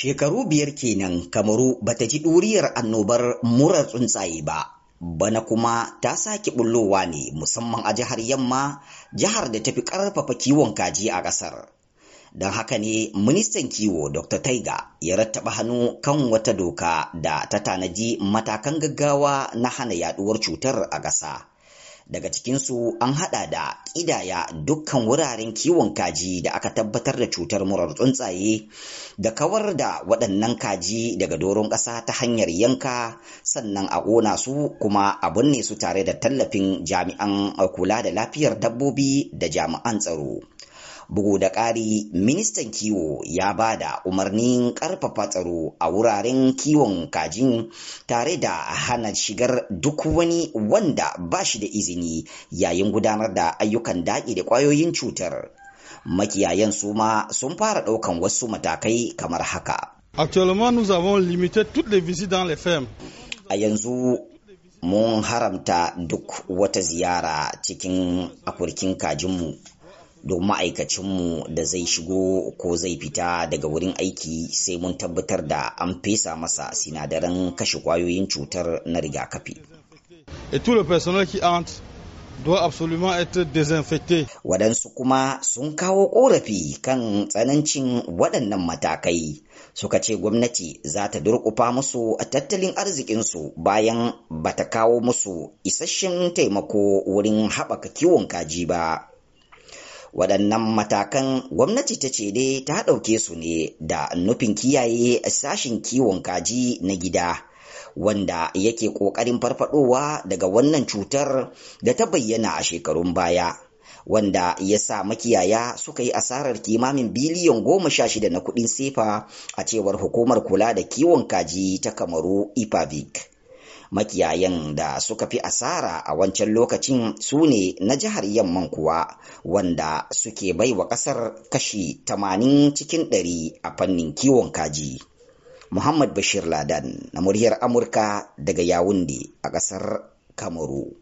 Shekaru biyar kenan Kamaru ba ta ji ɗuriyar annobar murar tsuntsaye ba. Bana kuma ta sake bullowa ne musamman a jihar Yamma, jihar da ta fi ƙarfafa kiwon kaji a ƙasar. Don haka ne ministan kiwo Dr. Taiga ya rattaba hannu kan wata doka da ta tanaji matakan gaggawa na hana yaduwar cutar a ƙasa. daga cikin su an hada da kidaya dukkan wuraren kiwon kaji da aka tabbatar da cutar murar tsuntsaye da kawar da waɗannan kaji daga doron ƙasa ta hanyar yanka sannan a ƙona su kuma a binne su tare da tallafin jami'an kula da lafiyar dabbobi da jami'an tsaro bugu da ƙari ministan kiwo ya ba da umarnin ƙarfafa tsaro a wuraren kiwon kajin tare da hana shigar duk wani wanda ba shi da izini yayin gudanar da ayyukan daƙi da ƙwayoyin cutar makiyayan su ma sun fara ɗaukan wasu matakai kamar haka A yanzu mun haramta duk wata ziyara cikin akurkin kajinmu. don ma'aikacinmu da zai shigo ko zai fita daga wurin aiki sai mun tabbatar da an fesa masa sinadaran kashe kwayoyin cutar na rigakafi. Waɗansu kuma sun kawo ƙorafi kan tsanancin waɗannan matakai suka ce gwamnati za ta durƙufa musu a tattalin arzikinsu bayan ba ta kawo musu isasshen taimako wurin haɓaka kiwon kaji ba. waɗannan matakan gwamnati ta ce dai ta ɗauke su ne da nufin kiyaye sashin kiwon kaji na gida wanda yake ƙoƙarin farfaɗowa daga wannan cutar da ta bayyana a shekarun baya wanda ya sa makiyaya suka yi asarar kimamin biliyan goma sha shida na kuɗin sefa a cewar hukumar kula da kiwon kaji ta kamaru ipavic makiyayan da suka fi asara a wancan lokacin su ne na jihar yamman kuwa wanda suke baiwa kasar kashi 80 cikin 100 a fannin kiwon kaji muhammad bashir ladan na muryar amurka daga yawunde a kasar kamaru